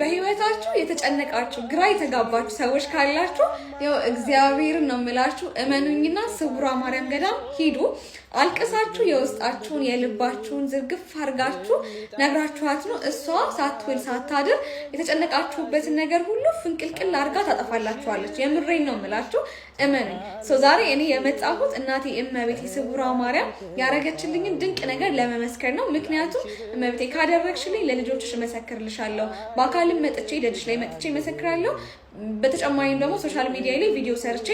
በህይወታችሁ የተጨነቃችሁ ግራ የተጋባችሁ ሰዎች ካላችሁ ያው እግዚአብሔርን ነው የምላችሁ፣ እመኑኝና ስውሯ ማርያም ገዳም ሂዱ። አልቅሳችሁ የውስጣችሁን የልባችሁን ዝርግፍ አድርጋችሁ ነግራችኋት ነው። እሷ ሳትውል ሳታድር የተጨነቃችሁበትን ነገር ሁሉ ፍንቅልቅል አድርጋ ታጠፋላችኋለች። የምሬን ነው የምላችሁ፣ እመኑኝ። ዛሬ እኔ የመጣሁት እናቴ እመቤቴ ስውሯ ማርያም ያደረገችልኝን ድንቅ ነገር ለመመስከር ነው። ምክንያቱም እመቤቴ ካደረግሽልኝ ለልጆችሽ እመሰክርልሻለሁ፣ በአካልም መጥቼ ደጅሽ ላይ መጥቼ እመሰክራለሁ። በተጨማሪም ደግሞ ሶሻል ሚዲያ ላይ ቪዲዮ ሰርቼ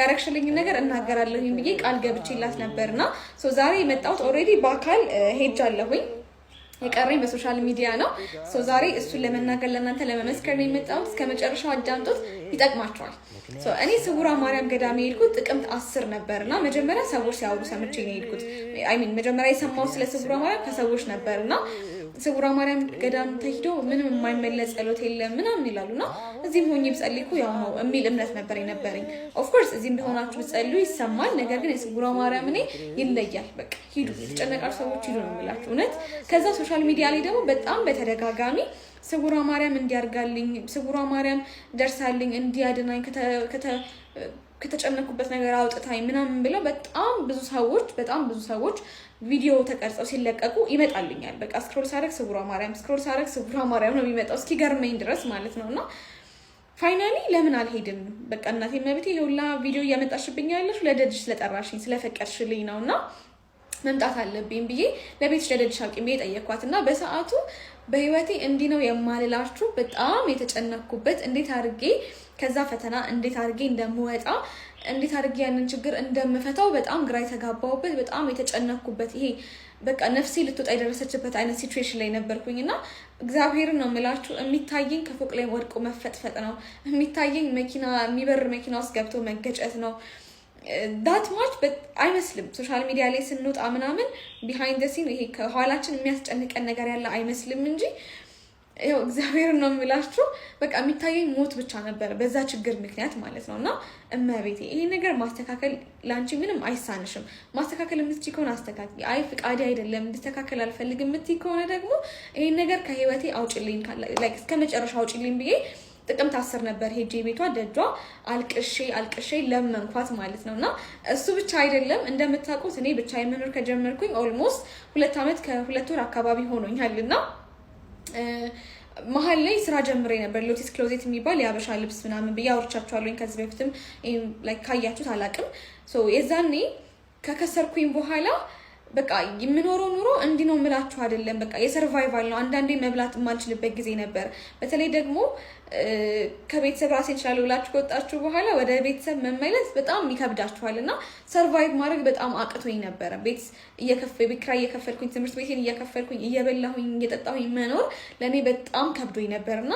ያረግሽልኝን ነገር እናገራለሁኝ ብዬ ቃል ገብቼላት ነበርና ዛሬ የመጣሁት ኦልሬዲ በአካል ሄጃለሁኝ። የቀረኝ በሶሻል ሚዲያ ነው። ዛሬ እሱን ለመናገር ለእናንተ ለመመስከር ነው የመጣሁት። እስከ መጨረሻው አዳምጡት፣ ይጠቅማቸዋል። እኔ ስውሯ ማርያም ገዳም የሄድኩት ጥቅምት አስር ነበር እና መጀመሪያ ሰዎች ሲያወሩ ሰምቼ ነው የሄድኩት። አይ ሚን መጀመሪያ የሰማሁት ስለ ስውሯ ማርያም ከሰዎች ነበር እና ስውራ ማርያም ገዳም ተሂዶ ምንም የማይመለስ ጸሎት የለም ምናምን ይላሉ እና እዚህም ሆኜ ብጸልይ ያው ነው የሚል እምነት ነበር የነበረኝ። ኦፍኮርስ እዚህም ቢሆናችሁ ብጸልዩ ይሰማል። ነገር ግን የስውራ ማርያም እኔ ይለያል። በቃ ሂዱ፣ የተጨነቃችሁ ሰዎች ሂዱ ነው የምላችሁ እውነት። ከዛ ሶሻል ሚዲያ ላይ ደግሞ በጣም በተደጋጋሚ ስውሯ ማርያም እንዲያርጋልኝ፣ ስውሯ ማርያም ደርሳልኝ፣ እንዲያድናኝ፣ ከተጨነኩበት ነገር አውጥታኝ ምናምን ብለው በጣም ብዙ ሰዎች በጣም ብዙ ሰዎች ቪዲዮ ተቀርጸው ሲለቀቁ ይመጣልኛል። በቃ ስክሮል ሳረግ ስውሯ ማርያም፣ ስክሮል ሳረግ ስውሯ ማርያም ነው የሚመጣው እስኪገርመኝ ድረስ ማለት ነው እና ፋይናሊ ለምን አልሄድም? በቃ እናቴ መብቴ ሁላ ቪዲዮ እያመጣሽብኝ ያለሽ ስለጠራሽኝ ስለፈቀድሽልኝ ነው እና መምጣት አለብኝ ብዬ ደደድ ሻቂ አቅሜ ጠየኳት እና በሰዓቱ በህይወቴ እንዲህ ነው የማልላችሁ በጣም የተጨነኩበት እንዴት አድርጌ ከዛ ፈተና እንዴት አድርጌ እንደምወጣ እንዴት አድርጌ ያንን ችግር እንደምፈታው በጣም ግራ የተጋባውበት በጣም የተጨነኩበት ይሄ በቃ ነፍሴ ልትወጣ የደረሰችበት አይነት ሲትዌሽን ላይ ነበርኩኝ እና እግዚአብሔርን ነው የምላችሁ፣ የሚታየኝ ከፎቅ ላይ ወድቆ መፈጥፈጥ ነው የሚታየኝ መኪና የሚበር መኪና ውስጥ ገብቶ መገጨት ነው ዳት ማች አይመስልም። ሶሻል ሚዲያ ላይ ስንወጣ ምናምን ቢሃይንድ ሲን ይሄ ከኋላችን የሚያስጨንቀን ነገር ያለ አይመስልም እንጂ ያው እግዚአብሔር ነው የምላችሁ። በቃ የሚታየኝ ሞት ብቻ ነበረ በዛ ችግር ምክንያት ማለት ነው። እና እመቤቴ ይሄ ነገር ማስተካከል ለአንቺ ምንም አይሳንሽም። ማስተካከል የምትች ከሆነ አስተካክ አይ ፍቃዴ አይደለም እንድስተካከል አልፈልግ የምትይ ከሆነ ደግሞ ይሄን ነገር ከህይወቴ አውጭልኝ፣ እስከ መጨረሻ አውጭልኝ ብዬ ጥቅምት አስር ነበር ሄጄ ቤቷ ደጇ አልቅሼ አልቅሼ ለመንኳት ማለት ነው። እና እሱ ብቻ አይደለም እንደምታውቁት እኔ ብቻ የመኖር ከጀመርኩኝ ኦልሞስት ሁለት ዓመት ከሁለት ወር አካባቢ ሆኖኛል እና መሀል ላይ ስራ ጀምሬ ነበር። ሎቲስ ክሎዜት የሚባል የአበሻ ልብስ ምናምን ብዬ አውርቻችኋለሁኝ። ከዚህ በፊትም ካያችሁት አላቅም። የዛኔ ከከሰርኩኝ በኋላ በቃ የምኖረው ኑሮ እንዲህ ነው የምላችሁ አይደለም። በቃ የሰርቫይቫል ነው። አንዳንዴ መብላት የማልችልበት ጊዜ ነበር። በተለይ ደግሞ ከቤተሰብ ራሴ እችላለሁ ብላችሁ ከወጣችሁ በኋላ ወደ ቤተሰብ መመለስ በጣም ይከብዳችኋል እና ሰርቫይቭ ማድረግ በጣም አቅቶኝ ነበረ። ቤት ኪራይ እየከፈልኩኝ፣ ትምህርት ቤቴን እየከፈልኩኝ፣ እየበላሁኝ፣ እየጠጣሁኝ መኖር ለእኔ በጣም ከብዶኝ ነበር እና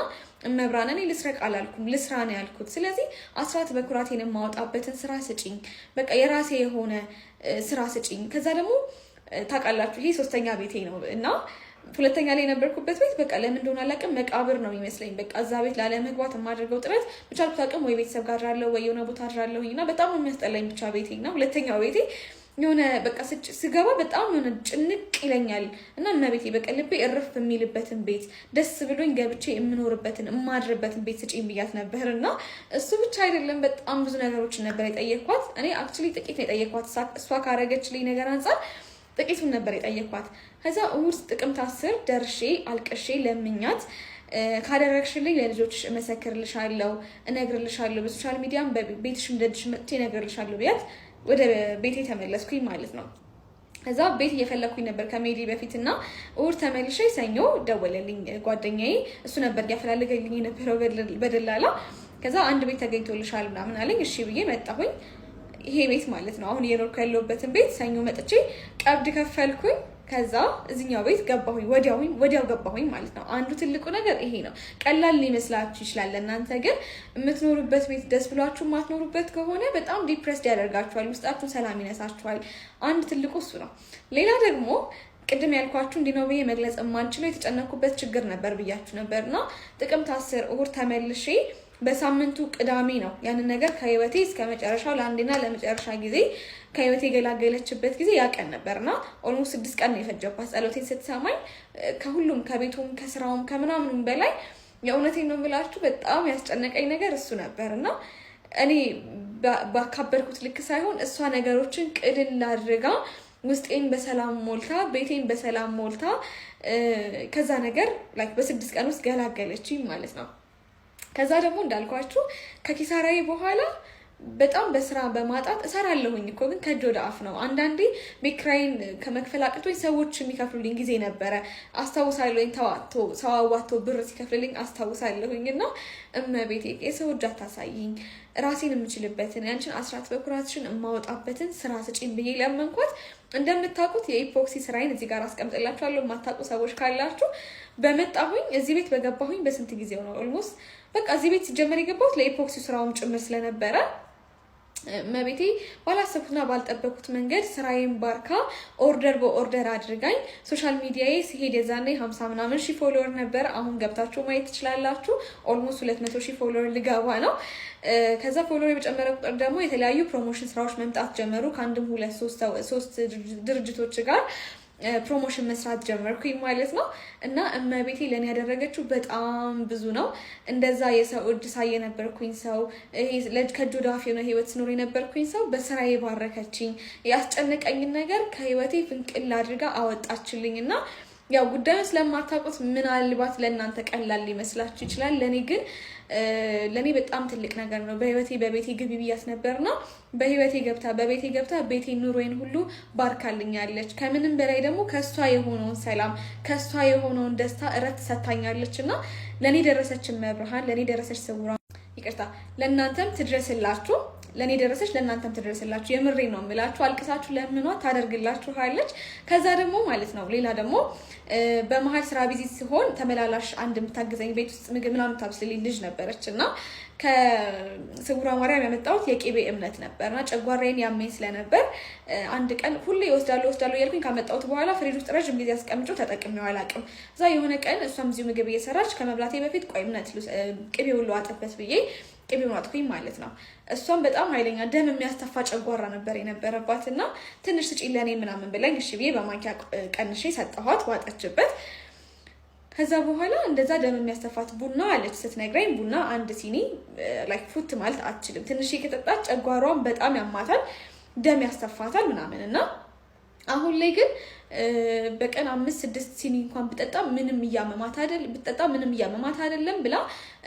መብራን እኔ ልስረቅ አላልኩም፣ ልስራ ነው ያልኩት። ስለዚህ አስራት በኩራቴን የማወጣበትን ስራ ስጭኝ፣ በቃ የራሴ የሆነ ስራ ስጭኝ። ከዛ ደግሞ ታውቃላችሁ፣ ይሄ ሶስተኛ ቤቴ ነው እና ሁለተኛ ላይ የነበርኩበት ቤት በቃ ለምን እንደሆነ አላውቅም፣ መቃብር ነው የሚመስለኝ። በቃ እዛ ቤት ላለመግባት የማደርገው ጥረት በቻልኩት አቅም ወይ ቤተሰብ ጋር አድራለሁ ወይ የሆነ ቦታ አድራለሁኝ እና በጣም የሚያስጠላኝ ብቻ ቤቴ እና ሁለተኛው ቤቴ የሆነ በቃ ስገባ በጣም የሆነ ጭንቅ ይለኛል እና እመቤቴ በቃ ልቤ እርፍ የሚልበትን ቤት ደስ ብሎኝ ገብቼ የምኖርበትን የማድርበትን ቤት ስጪኝ ብያት ነበር። እና እሱ ብቻ አይደለም በጣም ብዙ ነገሮችን ነበር የጠየኳት። እኔ አክቹዋሊ ጥቂት ነው የጠየኳት እሷ ካረገችልኝ ነገር አንጻር ጥቂቱን ነበር የጠየኳት። ከዛ እሑድ ጥቅምት አስር ደርሼ አልቅሼ ለምኛት ካደረግሽልኝ ለልጆችሽ እመሰክርልሻለሁ፣ እነግርልሻለሁ፣ በሶሻል ሚዲያም በቤትሽም ደጅሽ መጥቼ እነግርልሻለሁ ብያት ወደ ቤቴ ተመለስኩኝ ማለት ነው። ከዛ ቤት እየፈለግኩኝ ነበር ከሜዲ በፊት እና እሑድ ተመልሼ ሰኞ ደወለልኝ ጓደኛዬ። እሱ ነበር እያፈላለገልኝ የነበረው በደላላ። ከዛ አንድ ቤት ተገኝቶልሻል ምናምን አለኝ። እሺ ብዬ መጣሁኝ። ይሄ ቤት ማለት ነው። አሁን እየኖርኩ ያለሁበትን ቤት ሰኞ መጥቼ ቀብድ ከፈልኩኝ። ከዛ እዚኛው ቤት ገባሁኝ፣ ወዲያውኝ ወዲያው ገባሁኝ ማለት ነው። አንዱ ትልቁ ነገር ይሄ ነው። ቀላል ሊመስላችሁ ይችላል። እናንተ ግን የምትኖሩበት ቤት ደስ ብሏችሁ የማትኖሩበት ከሆነ በጣም ዲፕሬስድ ያደርጋችኋል፣ ውስጣችሁን ሰላም ይነሳችኋል። አንድ ትልቁ እሱ ነው። ሌላ ደግሞ ቅድም ያልኳችሁ እንዲህ ነው ብዬ መግለጽ የማንችለው የተጨነኩበት ችግር ነበር ብያችሁ ነበር እና ጥቅምት አስር እሁድ ተመልሼ በሳምንቱ ቅዳሜ ነው ያንን ነገር ከህይወቴ እስከ መጨረሻው ለአንዴና ለመጨረሻ ጊዜ ከህይወቴ የገላገለችበት ጊዜ ያቀን ነበርና ኦልሞስት ስድስት ቀን ነው የፈጀባት። ጸሎቴን ስትሰማኝ ከሁሉም ከቤቱም ከስራውም ከምናምንም በላይ የእውነቴን ነው የምላችሁ በጣም ያስጨነቀኝ ነገር እሱ ነበር እና እኔ ባካበርኩት ልክ ሳይሆን እሷ ነገሮችን ቅልል አድርጋ ውስጤን በሰላም ሞልታ ቤቴን በሰላም ሞልታ ከዛ ነገር በስድስት ቀን ውስጥ ገላገለችኝ ማለት ነው። ከዛ ደግሞ እንዳልኳችሁ ከኪሳራዊ በኋላ በጣም በስራ በማጣት እሰራለሁኝ እኮ ግን ከእጅ ወደ አፍ ነው። አንዳንዴ ቤክራይን ከመክፈል አቅቶኝ ሰዎች የሚከፍሉልኝ ጊዜ ነበረ አስታውሳለሁኝ። ተዋቶ ሰው አዋቶ ብር ሲከፍልልኝ አስታውሳለሁኝ። እና እመቤቴ የሰው እጅ አታሳይኝ፣ ራሴን የምችልበትን ያንችን አስራት በኩራትሽን የማወጣበትን ስራ ስጪኝ ብዬ ለመንኳት እንደምታውቁት የኢፖክሲ ስራዬን እዚህ ጋር አስቀምጥላችኋለሁ። የማታውቁ ሰዎች ካላችሁ በመጣሁኝ እዚህ ቤት በገባሁኝ በስንት ጊዜው ነው ኦልሞስት በቃ እዚህ ቤት ሲጀመር የገባሁት ለኢፖክሲ ስራውም ጭምር ስለነበረ መቤቴ ባላሰብኩትና ባልጠበኩት መንገድ ስራዬን ባርካ ኦርደር በኦርደር አድርጋኝ ሶሻል ሚዲያዬ ሲሄድ የዛና ሀምሳ ምናምን ሺህ ፎሎወር ነበር። አሁን ገብታችሁ ማየት ትችላላችሁ። ኦልሞስት ሁለት መቶ ሺህ ፎሎወር ልገባ ነው። ከዛ ፎሎወር የመጨመረ ቁጥር ደግሞ የተለያዩ ፕሮሞሽን ስራዎች መምጣት ጀመሩ ከአንድም ሁለት ሶስት ድርጅቶች ጋር ፕሮሞሽን መስራት ጀመርኩኝ ማለት ነው። እና እመቤቴ ለእኔ ያደረገችው በጣም ብዙ ነው። እንደዛ የሰው እጅ ሳይ የነበርኩኝ ሰው ከእጅ ወደ አፍ የሆነ ህይወት ስኖር የነበርኩኝ ሰው በስራ የባረከችኝ፣ ያስጨነቀኝን ነገር ከህይወቴ ፍንቅል አድርጋ አወጣችልኝ እና ያው ጉዳዩ ስለማታውቁት ምናልባት ለእናንተ ቀላል ሊመስላችሁ ይችላል። ለእኔ ግን ለእኔ በጣም ትልቅ ነገር ነው። በህይወቴ በቤቴ ግቢ ብያት ነበር ነው በህይወቴ ገብታ በቤቴ ገብታ ቤቴ ኑሮዬን ሁሉ ባርካልኛለች። ከምንም በላይ ደግሞ ከእሷ የሆነውን ሰላም ከእሷ የሆነውን ደስታ እረት ሰታኛለች እና ለእኔ ደረሰች መብርሃን ለእኔ ደረሰች ስውራ፣ ይቅርታ ለእናንተም ትድረስላችሁ። ለእኔ ደረሰች ለእናንተም ትደረስላችሁ። የምሬ ነው የምላችሁ። አልቅሳችሁ ለምኗ ታደርግላችኋለች። ከዛ ደግሞ ማለት ነው ሌላ ደግሞ በመሀል ስራ ቢዚ ሲሆን ተመላላሽ አንድ የምታግዘኝ ቤት ውስጥ ምግብ ምናምን ታብስልኝ ልጅ ነበረች እና ከስውራ ማርያም ያመጣሁት የቅቤ እምነት ነበር እና ጨጓራዬን ያመኝ ስለነበር አንድ ቀን ሁሌ እወስዳለሁ እወስዳለሁ እያልኩኝ ካመጣሁት በኋላ ፍሪድ ውስጥ ረዥም ጊዜ አስቀምጬው ተጠቅሜው አላውቅም። እዛ የሆነ ቀን እሷም እዚሁ ምግብ እየሰራች ከመብላቴ በፊት ቆይ እምነት ቅቤ ሁሉ ብዬ ቅቤ ማጥኩኝ ማለት ነው። እሷም በጣም ኃይለኛ ደም የሚያስተፋ ጨጓራ ነበር የነበረባት እና ትንሽ ስጪ ለእኔ ምናምን ብለኝ እሺ ብዬ በማንኪያ ቀንሼ ሰጠኋት፣ ዋጠችበት። ከዛ በኋላ እንደዛ ደም የሚያስተፋት ቡና አለች ስትነግራኝ፣ ቡና አንድ ሲኒ ላይክ ፉት ማለት አትችልም። ትንሽ ከጠጣች ጨጓሯን በጣም ያማታል፣ ደም ያስተፋታል ምናምን እና አሁን ላይ ግን በቀን አምስት ስድስት ሲኒ እንኳን ብጠጣ ምንም እያመማት አይደለም ብጠጣ ምንም እያመማት አይደለም ብላ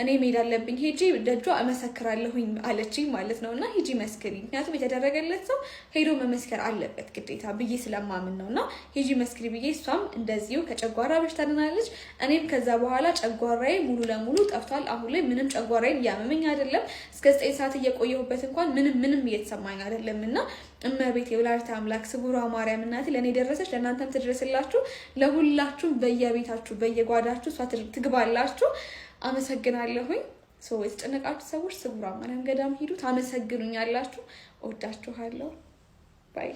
እኔ መሄድ አለብኝ ሄጂ ደጇ እመሰክራለሁኝ አለችኝ ማለት ነው። እና ሄጂ መስክሪ፣ ምክንያቱም የተደረገለት ሰው ሄዶ መመስከር አለበት ግዴታ ብዬ ስለማምን ነው። እና ሄጂ መስክሪ ብዬ እሷም እንደዚሁ ከጨጓራ በሽታ ድናለች። እኔም ከዛ በኋላ ጨጓራዬ ሙሉ ለሙሉ ጠፍቷል። አሁን ላይ ምንም ጨጓራዬን እያመመኝ አይደለም። እስከ ዘጠኝ ሰዓት እየቆየሁበት እንኳን ምንም ምንም እየተሰማኝ አይደለም። እና እመቤቴ ወላዲተ አምላክ ስጉሯ ማርያም እናቴ ለእኔ ደረሰች ለና ለእናንተም ትድረስላችሁ፣ ለሁላችሁም በየቤታችሁ በየጓዳችሁ እሷ ትግባላችሁ። አመሰግናለሁኝ። የተጨነቃችሁ ሰዎች ስጉራ ማርያም ገዳም ሂዱ፣ ታመሰግኑኛላችሁ። ባይ